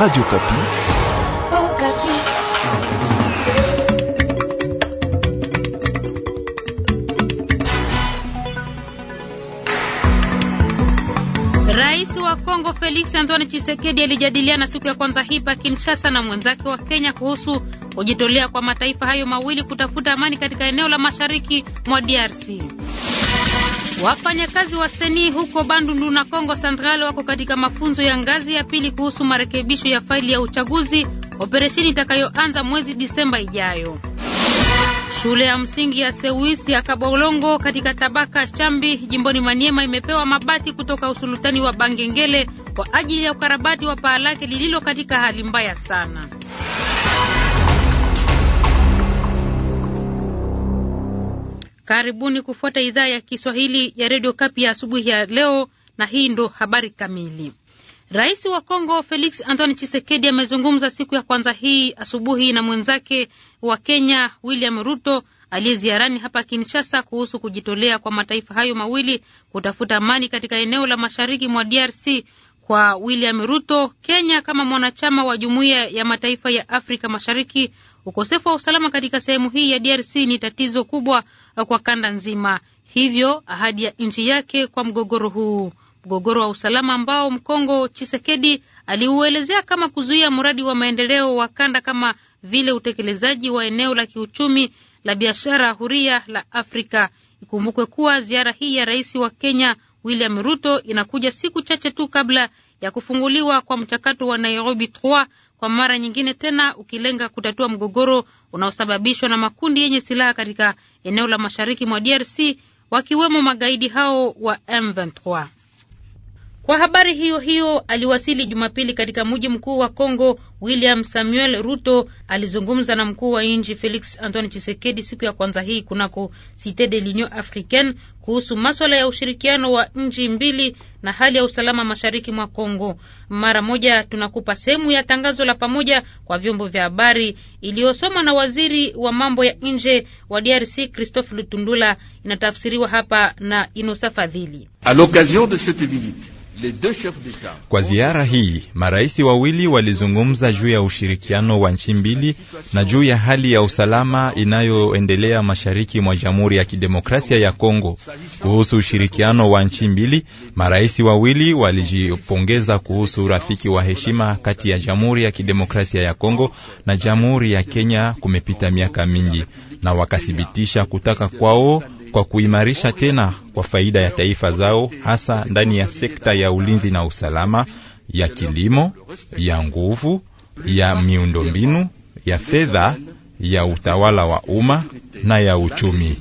Radio Kapi. Oh, Kapi. Rais wa Kongo Felix Antoine Tshisekedi alijadiliana siku ya kwanza pa Kinshasa na mwenzake wa Kenya kuhusu kujitolea kwa mataifa hayo mawili kutafuta amani katika eneo la mashariki mwa DRC. Wafanyakazi wa seni huko Bandundu na Kongo Central wako katika mafunzo ya ngazi ya pili kuhusu marekebisho ya faili ya uchaguzi, operesheni itakayoanza mwezi Disemba ijayo. Shule ya msingi ya Sewis ya Kabolongo katika tabaka Chambi jimboni Maniema imepewa mabati kutoka usultani wa Bangengele kwa ajili ya ukarabati wa paa lake lililo katika hali mbaya sana. Karibuni kufuata idhaa ya Kiswahili ya redio Kapi ya asubuhi ya leo, na hii ndo habari kamili. Rais wa Kongo Felix Antoine Chisekedi amezungumza siku ya kwanza hii asubuhi na mwenzake wa Kenya William Ruto aliyeziarani hapa Kinshasa kuhusu kujitolea kwa mataifa hayo mawili kutafuta amani katika eneo la mashariki mwa DRC kwa William Ruto. Kenya kama mwanachama wa Jumuiya ya Mataifa ya Afrika Mashariki, ukosefu wa usalama katika sehemu hii ya DRC ni tatizo kubwa kwa kanda nzima, hivyo ahadi ya nchi yake kwa mgogoro huu, mgogoro wa usalama ambao Mkongo Chisekedi aliuelezea kama kuzuia mradi wa maendeleo wa kanda kama vile utekelezaji wa eneo la kiuchumi la biashara huria la Afrika Ikumbukwe kuwa ziara hii ya rais wa Kenya William Ruto inakuja siku chache tu kabla ya kufunguliwa kwa mchakato wa Nairobi 3 kwa mara nyingine tena, ukilenga kutatua mgogoro unaosababishwa na makundi yenye silaha katika eneo la mashariki mwa DRC, wakiwemo magaidi hao wa M23. Kwa habari hiyo hiyo aliwasili Jumapili katika mji mkuu wa Kongo. William Samuel Ruto alizungumza na mkuu wa nchi Felix Antoine Tshisekedi siku ya kwanza hii kunako Cite de l'Union Africaine kuhusu maswala ya ushirikiano wa nchi mbili na hali ya usalama mashariki mwa Kongo. Mara moja tunakupa sehemu ya tangazo la pamoja kwa vyombo vya habari iliyosomwa na waziri wa mambo ya nje wa DRC Christophe Lutundula, inatafsiriwa hapa na Inosa Fadhili. A l'occasion de cette visite kwa ziara hii marais wawili walizungumza juu ya ushirikiano wa nchi mbili na juu ya hali ya usalama inayoendelea mashariki mwa Jamhuri ya Kidemokrasia ya Kongo. Kuhusu ushirikiano wa nchi mbili, marais wawili walijipongeza kuhusu urafiki wa heshima kati ya Jamhuri ya Kidemokrasia ya Kongo na Jamhuri ya Kenya kumepita miaka mingi na wakathibitisha kutaka kwao kwa kuimarisha tena kwa faida ya taifa zao, hasa ndani ya sekta ya ulinzi na usalama, ya kilimo, ya nguvu, ya miundombinu, ya fedha, ya utawala wa umma na ya uchumi.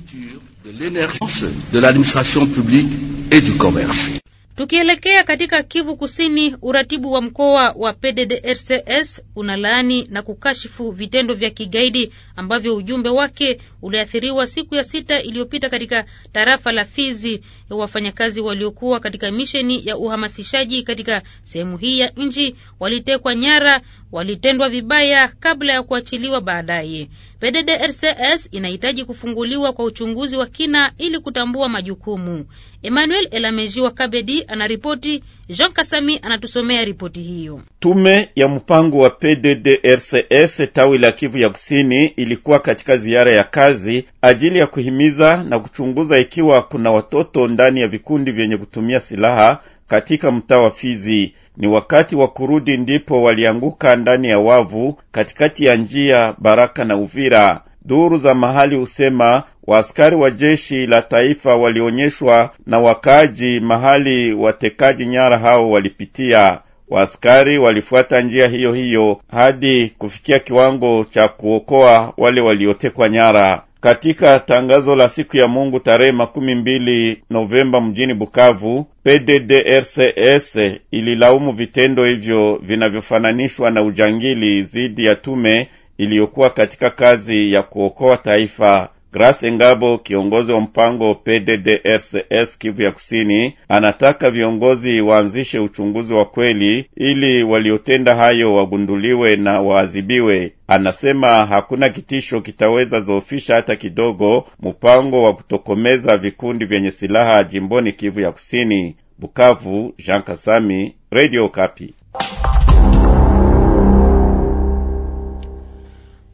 Tukielekea katika Kivu Kusini, uratibu wa mkoa wa PDDRCS unalaani na kukashifu vitendo vya kigaidi ambavyo ujumbe wake uliathiriwa siku ya sita iliyopita katika tarafa la Fizi. Wafanyakazi waliokuwa katika misheni ya uhamasishaji katika sehemu hii ya nchi walitekwa nyara, walitendwa vibaya kabla ya kuachiliwa baadaye. PDDRCS inahitaji kufunguliwa kwa uchunguzi wa kina ili kutambua majukumu. Emmanuel Elameji wa Kabedi anaripoti, Jean Kasami anatusomea ripoti hiyo. Tume ya mpango wa PDDRCS tawi la Kivu ya Kusini ilikuwa katika ziara ya kazi ajili ya kuhimiza na kuchunguza ikiwa kuna watoto ndani ya vikundi vyenye kutumia silaha katika mtaa wa Fizi. Ni wakati wa kurudi ndipo walianguka ndani ya wavu katikati ya njia Baraka na Uvira. Duru za mahali husema waaskari wa jeshi la taifa walionyeshwa na wakaaji mahali watekaji nyara hao walipitia. Waaskari walifuata njia hiyo hiyo hadi kufikia kiwango cha kuokoa wale waliotekwa nyara. Katika tangazo la siku ya Mungu tarehe makumi mbili Novemba mjini Bukavu, PDDRCS ililaumu vitendo hivyo vinavyofananishwa na ujangili dhidi ya tume iliyokuwa katika kazi ya kuokoa taifa. Grace Ngabo, kiongozi wa mpango PDDRCS Kivu ya Kusini, anataka viongozi waanzishe uchunguzi wa kweli ili waliotenda hayo wagunduliwe na waadhibiwe. Anasema hakuna kitisho kitaweza zoofisha hata kidogo mpango wa kutokomeza vikundi vyenye silaha jimboni Kivu ya Kusini. Bukavu, Jean Kasami, Radio Kapi.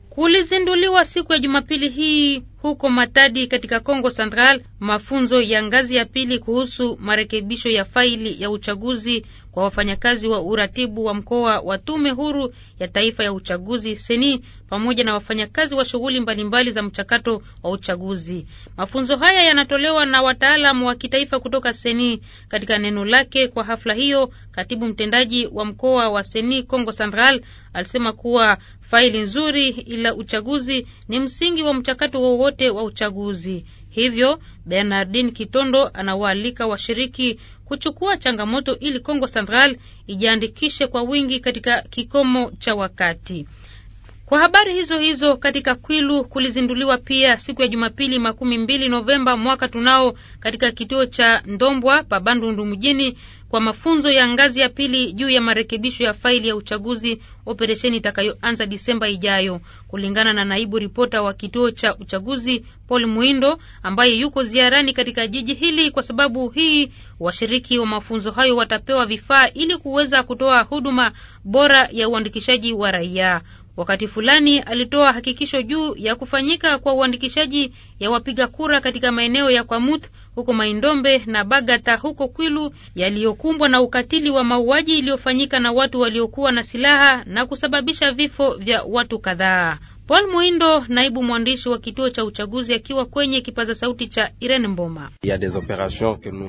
Kulizinduliwa siku ya Jumapili hii huko Matadi katika Kongo Central mafunzo ya ngazi ya pili kuhusu marekebisho ya faili ya uchaguzi kwa wafanyakazi wa uratibu wa mkoa wa Tume Huru ya Taifa ya Uchaguzi seni pamoja na wafanyakazi wa shughuli mbalimbali za mchakato wa uchaguzi. Mafunzo haya yanatolewa na wataalamu wa kitaifa kutoka seni. Katika neno lake kwa hafla hiyo, katibu mtendaji wa mkoa wa seni Kongo Central alisema kuwa faili nzuri ila uchaguzi ni msingi wa mchakato wowote wote wa uchaguzi. Hivyo Bernardin Kitondo anawaalika washiriki kuchukua changamoto ili Kongo Central ijiandikishe kwa wingi katika kikomo cha wakati. Kwa habari hizo hizo katika Kwilu kulizinduliwa pia siku ya Jumapili makumi mbili Novemba mwaka tunao katika kituo cha Ndombwa pa Bandundu mjini kwa mafunzo ya ngazi ya pili juu ya marekebisho ya faili ya uchaguzi, operesheni itakayoanza Disemba ijayo, kulingana na naibu ripota wa kituo cha uchaguzi Paul Muindo ambaye yuko ziarani katika jiji hili. Kwa sababu hii, washiriki wa mafunzo hayo watapewa vifaa ili kuweza kutoa huduma bora ya uandikishaji wa raia. Wakati fulani alitoa hakikisho juu ya kufanyika kwa uandikishaji ya wapiga kura katika maeneo ya kwamut huko Maindombe na Bagata huko Kwilu yaliyokumbwa na ukatili wa mauaji iliyofanyika na watu waliokuwa na silaha na kusababisha vifo vya watu kadhaa. Paul Mwindo, naibu mwandishi wa kituo cha uchaguzi, akiwa kwenye kipaza sauti cha Irene Mboma.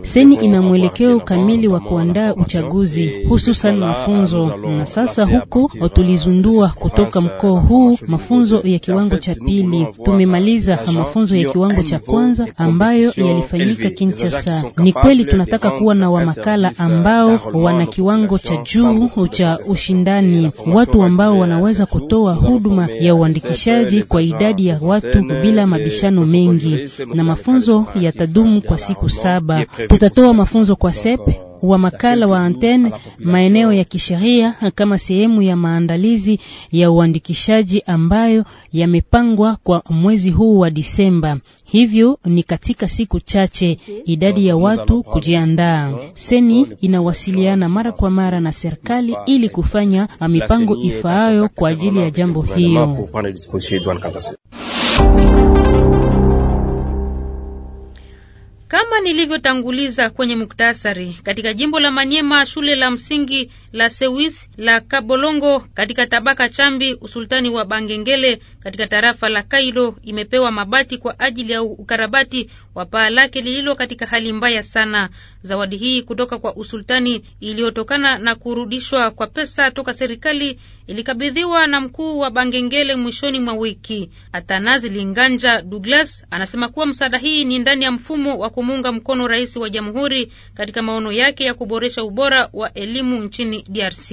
Seni ina mwelekeo kamili wa kuandaa uchaguzi, hususan mafunzo, na sasa huko tulizundua kutoka mkoa huu mafunzo ya kiwango cha pili. Tumemaliza mafunzo ya kiwango cha kwanza ambayo yalifanyika Kinshasa. Ni kweli tunataka kuwa na wamakala ambao wana kiwango cha juu cha ushindani, watu ambao wanaweza kutoa huduma ya uandishi uandikishaji kwa idadi ya watu bila mabishano mengi, na mafunzo yatadumu kwa siku saba. Tutatoa mafunzo kwa sep wa makala wa antene maeneo ya kisheria kama sehemu ya maandalizi ya uandikishaji ambayo yamepangwa kwa mwezi huu wa Disemba. Hivyo ni katika siku chache idadi ya watu kujiandaa. Seni inawasiliana mara kwa mara na serikali ili kufanya mipango ifaayo kwa ajili ya jambo hiyo. Kama nilivyotanguliza kwenye muktasari, katika jimbo la Manyema shule la msingi la Sewis la Kabolongo katika tabaka Chambi usultani wa Bangengele katika tarafa la Kailo imepewa mabati kwa ajili ya ukarabati wa paa lake lililo katika hali mbaya sana. Zawadi hii kutoka kwa usultani iliyotokana na kurudishwa kwa pesa toka serikali ilikabidhiwa na mkuu wa Bangengele mwishoni mwa wiki. Atanazi Linganja Douglas anasema kuwa msaada hii ni ndani ya mfumo wa kumuunga mkono rais wa jamhuri katika maono yake ya kuboresha ubora wa elimu nchini DRC.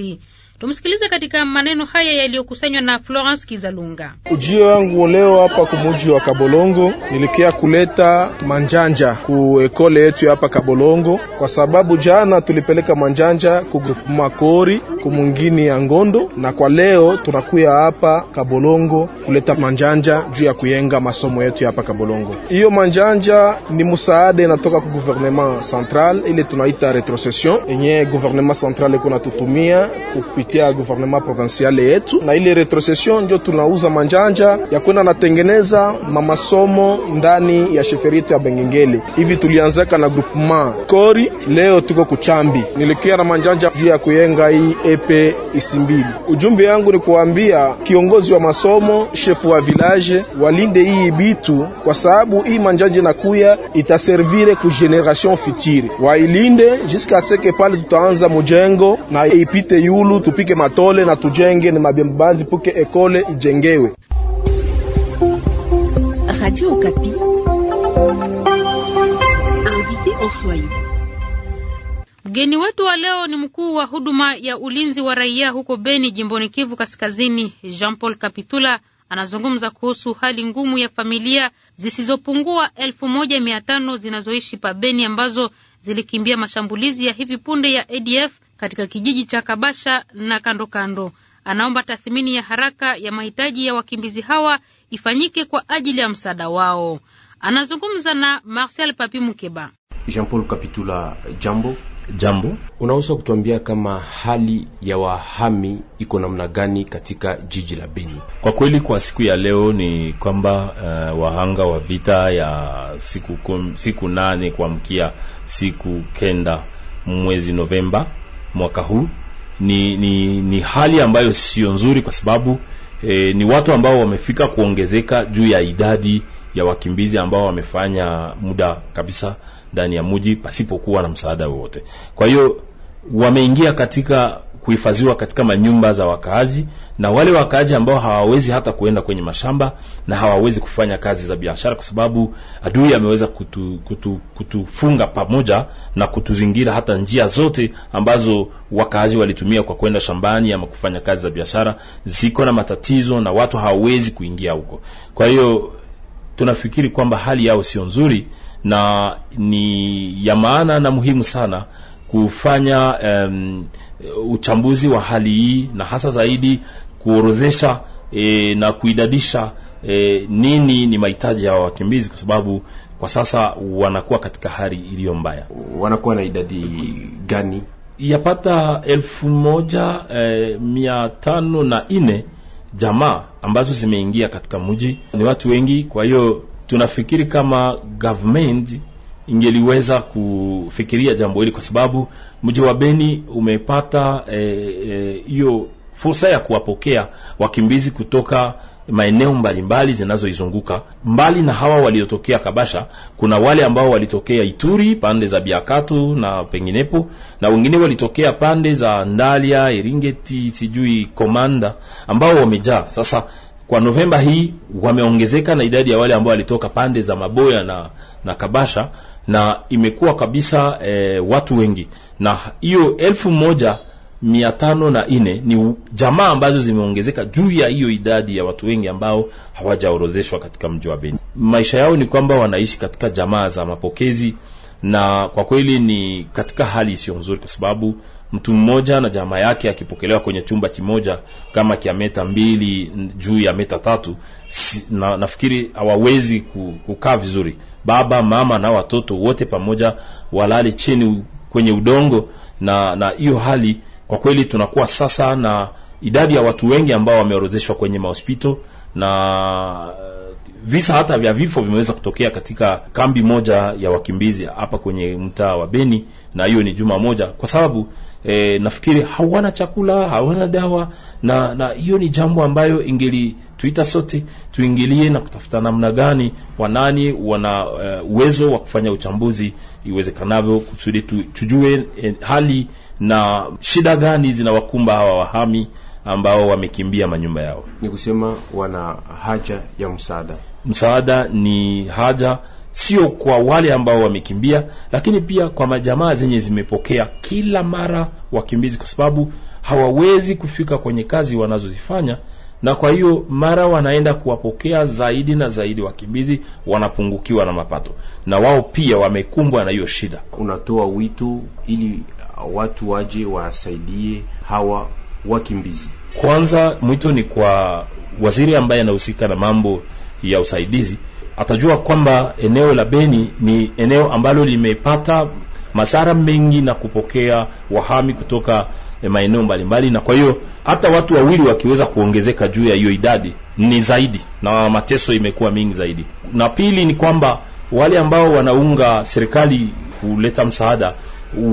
Tumsikilize katika maneno haya yaliyokusanywa na Florence Kizalunga. Ujio wangu leo hapa kumuji wa Kabolongo nilikia kuleta manjanja ku ekole yetu hapa Kabolongo, kwa sababu jana tulipeleka manjanja ku grupu makori kumwingini ya Ngondo, na kwa leo tunakuya hapa Kabolongo kuleta manjanja juu ya kuyenga masomo yetu hapa Kabolongo. Hiyo manjanja ni msaada inatoka ku gouvernement central, ile tunaita retrocession yenye gouvernement central ikunatutumia natutumia kupi kupitia gouvernement provincial yetu, na ile retrocession ndio tunauza manjanja ya kwenda natengeneza mamasomo ndani ya sheferi yetu ya Bengengeli. Hivi tulianzaka na groupement Kori, leo tuko kuchambi, nilikia na manjanja juu ya kuyenga hii epe isimbili. Ujumbe yangu ni kuambia kiongozi wa masomo, shefu wa village, walinde hii bitu kwa sababu hii manjanja nakuya itaservire ku generation future, wailinde ce seke pale tutaanza mujengo na ipite yulu tu tupike matole na tujenge ni mabembazi puke ekole ijengewe. Radio Okapi. Mgeni wetu wa leo ni mkuu wa huduma ya ulinzi wa raia huko Beni jimboni Kivu Kaskazini, Jean Paul Kapitula anazungumza kuhusu hali ngumu ya familia zisizopungua elfu moja mia tano zinazoishi pa Beni ambazo zilikimbia mashambulizi ya hivi punde ya ADF katika kijiji cha Kabasha na kando kando. Anaomba tathmini ya haraka ya mahitaji ya wakimbizi hawa ifanyike kwa ajili ya msaada wao. Anazungumza na Marcel Papi Mukeba. Jean Paul Kapitula, jambo. Jambo, unaweza kutuambia kama hali ya wahami iko namna gani katika jiji la Beni? Kwa kweli kwa siku ya leo ni kwamba uh, wahanga wa vita ya siku, kum, siku nane kuamkia siku kenda mwezi Novemba mwaka huu ni, ni, ni hali ambayo sio nzuri kwa sababu eh, ni watu ambao wamefika kuongezeka juu ya idadi ya wakimbizi ambao wamefanya muda kabisa ndani ya mji pasipokuwa na msaada wowote. Kwa hiyo wameingia katika kuhifadhiwa katika manyumba za wakaaji na wale wakaaji ambao hawawezi hata kuenda kwenye mashamba na hawawezi kufanya kazi za biashara, kwa sababu adui ameweza kutu, kutu, kutufunga pamoja na kutuzingira hata njia zote ambazo wakaaji walitumia kwa kwenda shambani ama kufanya kazi za biashara ziko na matatizo na watu hawawezi kuingia huko. Kwa hiyo tunafikiri kwamba hali yao sio nzuri na ni ya maana na muhimu sana kufanya um, uchambuzi wa hali hii na hasa zaidi kuorozesha e, na kuidadisha e, nini ni mahitaji ya wakimbizi, kwa sababu kwa sasa wanakuwa katika hali iliyo mbaya. Wanakuwa na idadi gani? Yapata elfu moja e, mia tano na nne jamaa ambazo zimeingia katika mji. Ni watu wengi, kwa hiyo tunafikiri kama government ingeliweza kufikiria jambo hili, kwa sababu mji wa Beni umepata eh, eh, hiyo e, e, fursa ya kuwapokea wakimbizi kutoka maeneo mbalimbali zinazoizunguka. Mbali na hawa waliotokea Kabasha, kuna wale ambao walitokea Ituri pande za Biakatu na penginepo, na wengine walitokea pande za Ndalia, Iringeti, sijui Komanda, ambao wamejaa sasa kwa Novemba hii wameongezeka na idadi ya wale ambao walitoka pande za Maboya na, na Kabasha na imekuwa kabisa e, watu wengi, na hiyo elfu moja mia tano na nne ni jamaa ambazo zimeongezeka juu ya hiyo idadi ya watu wengi ambao hawajaorodheshwa katika mji wa Beni. Maisha yao ni kwamba wanaishi katika jamaa za mapokezi, na kwa kweli ni katika hali isiyo nzuri, kwa sababu mtu mmoja na jamaa yake akipokelewa kwenye chumba kimoja kama kia meta mbili juu ya meta tatu si, na, nafikiri hawawezi kukaa vizuri. Baba, mama na watoto wote pamoja walale chini kwenye udongo, na na hiyo hali kwa kweli tunakuwa sasa na idadi ya watu wengi ambao wameorodheshwa kwenye mahospito na eh, visa hata vya vifo vimeweza kutokea katika kambi moja ya wakimbizi hapa kwenye mtaa wa Beni, na hiyo ni juma moja, kwa sababu e, nafikiri hawana chakula, hawana dawa, na na hiyo ni jambo ambayo ingelituita sote tuingilie na kutafuta namna gani wanani wana eh, uwezo uh, wa kufanya uchambuzi iwezekanavyo, kusudi tu, tujue eh, hali na shida gani zinawakumba hawa wahami ambao wamekimbia manyumba yao. Ni kusema wana haja ya msaada. Msaada ni haja sio kwa wale ambao wamekimbia, lakini pia kwa majamaa zenye zimepokea kila mara wakimbizi, kwa sababu hawawezi kufika kwenye kazi wanazozifanya, na kwa hiyo mara wanaenda kuwapokea zaidi na zaidi wakimbizi, wanapungukiwa na mapato, na wao pia wamekumbwa na hiyo shida. Unatoa wito ili watu waje wasaidie hawa wakimbizi. Kwanza mwito ni kwa waziri ambaye anahusika na mambo ya usaidizi atajua kwamba eneo la Beni ni eneo ambalo limepata masara mengi na kupokea wahami kutoka eh, maeneo mbalimbali, na kwa hiyo hata watu wawili wakiweza kuongezeka juu ya hiyo idadi ni zaidi, na mateso imekuwa mingi zaidi. Na pili ni kwamba wale ambao wanaunga serikali kuleta msaada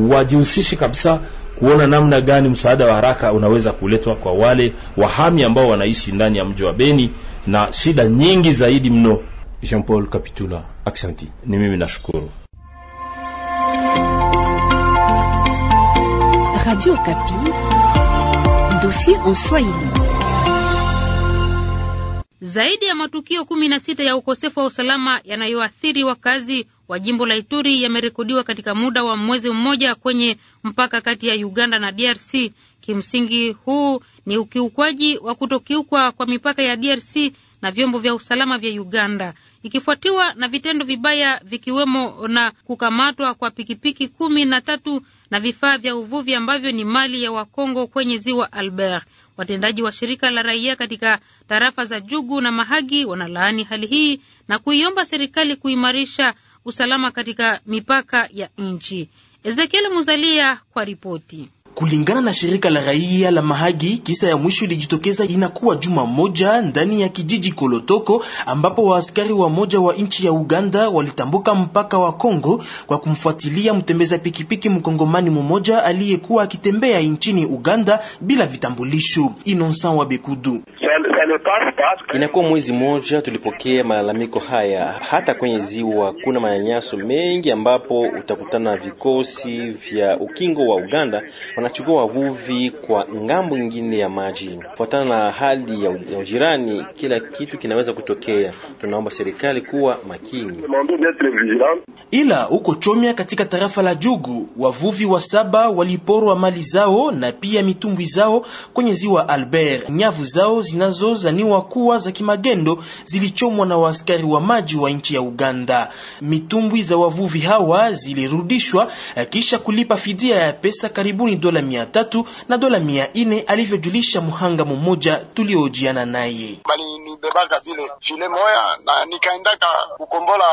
wajihusishi kabisa kuona namna gani msaada wa haraka unaweza kuletwa kwa wale wahami ambao wanaishi ndani ya mji wa Beni na shida nyingi zaidi mno Jean Paul Kapitula, Aksanti. Ni mimi nashukuru. Radio Kapi, dossier en Swahili. Zaidi ya matukio kumi na sita ya ukosefu wa usalama yanayoathiri wakazi wa jimbo la Ituri yamerekodiwa katika muda wa mwezi mmoja kwenye mpaka kati ya Uganda na DRC. Kimsingi, huu ni ukiukwaji wa kutokiukwa kwa mipaka ya DRC na vyombo vya usalama vya Uganda ikifuatiwa na vitendo vibaya vikiwemo na kukamatwa kwa pikipiki kumi na tatu na vifaa vya uvuvi ambavyo ni mali ya Wakongo kwenye ziwa Albert. Watendaji wa shirika la raia katika tarafa za Jugu na Mahagi wanalaani hali hii na kuiomba serikali kuimarisha usalama katika mipaka ya nchi. Ezekiel Muzalia kwa ripoti. Kulingana na shirika la raia la Mahagi, kisa ya mwisho ilijitokeza inakuwa juma moja ndani ya kijiji Kolotoko, ambapo waaskari wa moja wa nchi ya Uganda walitambuka mpaka wa Kongo kwa kumfuatilia mtembeza pikipiki mkongomani mmoja aliyekuwa akitembea nchini Uganda bila vitambulisho. Innocent wa Bekudu. Inakuwa mwezi moja tulipokea malalamiko haya. Hata kwenye ziwa kuna manyanyaso mengi, ambapo utakutana na vikosi vya ukingo wa Uganda wanachukua wavuvi kwa ngambo nyingine ya maji. Kufuatana na hali ya ujirani, kila kitu kinaweza kutokea. Tunaomba serikali kuwa makini. Ila huko Chomya katika tarafa la Jugu, wavuvi wa saba waliporwa mali zao na pia mitumbwi zao kwenye ziwa Albert. Nyavu zao zinazozaniwa kuwa za kimagendo zilichomwa na waaskari wa maji wa nchi ya Uganda. Mitumbwi za wavuvi hawa zilirudishwa eh, kisha kulipa fidia ya pesa karibuni dola dola mia tatu na dola mia nne alivyojulisha muhanga mmoja tuliojiana naye. Balinibebaka zile file moya na nikaendaka kukombola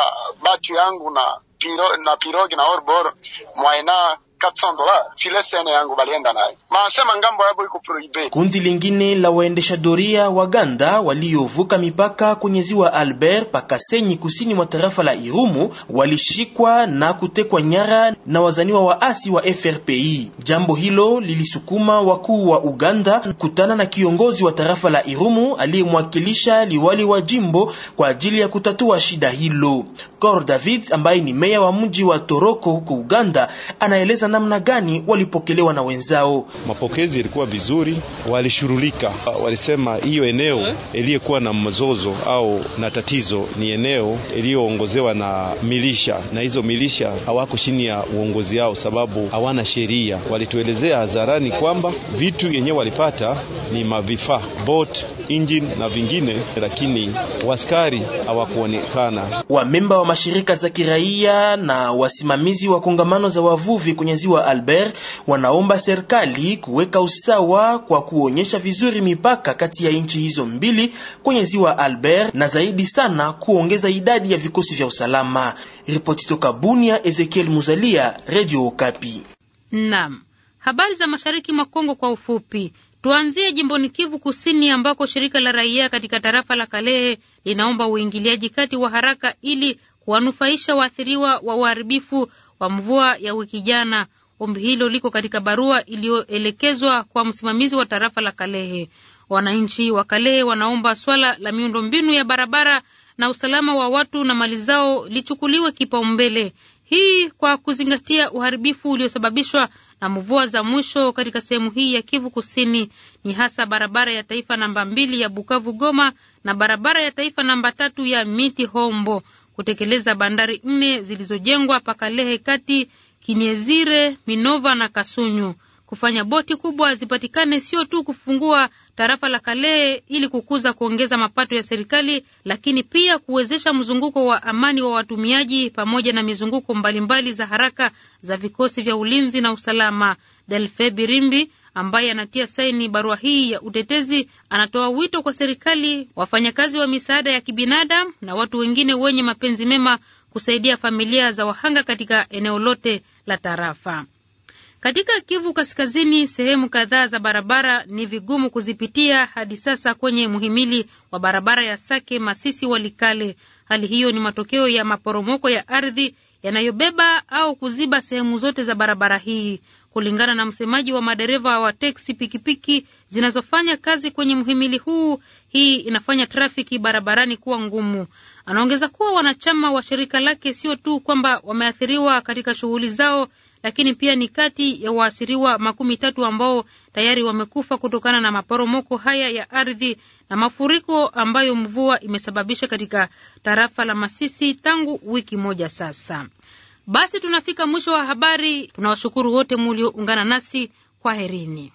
batu yangu na piro, na pirogi na orbor mwaena 400 dola file sene yangu balienda nayo maasema ngambo yabo iko prohibe. Kundi lingine la waendesha doria Waganda waliovuka mipaka kwenye ziwa Albert pakasenyi kusini mwa tarafa la Irumu walishikwa na kutekwa nyara na wazaniwa waasi wa FRPI. Jambo hilo lilisukuma wakuu wa Uganda kutana na kiongozi wa tarafa la Irumu aliyemwakilisha liwali wa jimbo kwa ajili ya kutatua shida hilo. Gor David ambaye ni meya wa mji wa Toroko huko Uganda anaeleza namna gani walipokelewa na wenzao. Mapokezi yalikuwa vizuri, walishurulika, walisema hiyo eneo iliyokuwa na mzozo au na tatizo ni eneo iliyoongozewa na milisha, na hizo milisha hawako chini ya uongozi wao sababu hawana sheria. Walituelezea hadharani kwamba vitu yenyewe walipata ni mavifaa bot engine na vingine, lakini waskari hawakuonekana. Wamemba wa mashirika za kiraia na wasimamizi wa kongamano za wavuvi kwenye ziwa Albert wanaomba serikali kuweka usawa kwa kuonyesha vizuri mipaka kati ya nchi hizo mbili kwenye ziwa Albert na zaidi sana kuongeza idadi ya vikosi vya usalama. Ripoti toka Bunia, Ezekiel Muzalia, Radio Okapi. Naam. Habari za mashariki mwa Kongo kwa ufupi. Tuanzie jimboni Kivu Kusini ambako shirika la raia katika tarafa la Kalehe linaomba uingiliaji kati wa haraka ili kuwanufaisha waathiriwa wa uharibifu wa mvua ya wiki jana. Ombi hilo liko katika barua iliyoelekezwa kwa msimamizi wa tarafa la Kalehe. Wananchi wa Kalehe wanaomba swala la miundombinu ya barabara na usalama wa watu na mali zao lichukuliwe kipaumbele. Hii kwa kuzingatia uharibifu uliosababishwa na mvua za mwisho katika sehemu hii ya Kivu Kusini, ni hasa barabara ya taifa namba mbili ya Bukavu Goma na barabara ya taifa namba tatu ya Miti Hombo, kutekeleza bandari nne zilizojengwa Pakalehe kati Kinyezire, Minova na Kasunyu, kufanya boti kubwa zipatikane, sio tu kufungua tarafa la Kale ili kukuza kuongeza mapato ya serikali, lakini pia kuwezesha mzunguko wa amani wa watumiaji pamoja na mizunguko mbalimbali za haraka za vikosi vya ulinzi na usalama. Delfe Birimbi ambaye anatia saini barua hii ya utetezi anatoa wito kwa serikali, wafanyakazi wa misaada ya kibinadamu na watu wengine wenye mapenzi mema kusaidia familia za wahanga katika eneo lote la tarafa. Katika Kivu Kaskazini, sehemu kadhaa za barabara ni vigumu kuzipitia hadi sasa kwenye muhimili wa barabara ya Sake Masisi Walikale. Hali hiyo ni matokeo ya maporomoko ya ardhi yanayobeba au kuziba sehemu zote za barabara hii, kulingana na msemaji wa madereva wa teksi pikipiki zinazofanya kazi kwenye mhimili huu. Hii inafanya trafiki barabarani kuwa ngumu. Anaongeza kuwa wanachama wa shirika lake sio tu kwamba wameathiriwa katika shughuli zao lakini pia ni kati ya waasiriwa makumi tatu ambao tayari wamekufa kutokana na maporomoko haya ya ardhi na mafuriko ambayo mvua imesababisha katika tarafa la Masisi tangu wiki moja sasa. Basi tunafika mwisho wa habari. Tunawashukuru wote mulioungana nasi, kwaherini.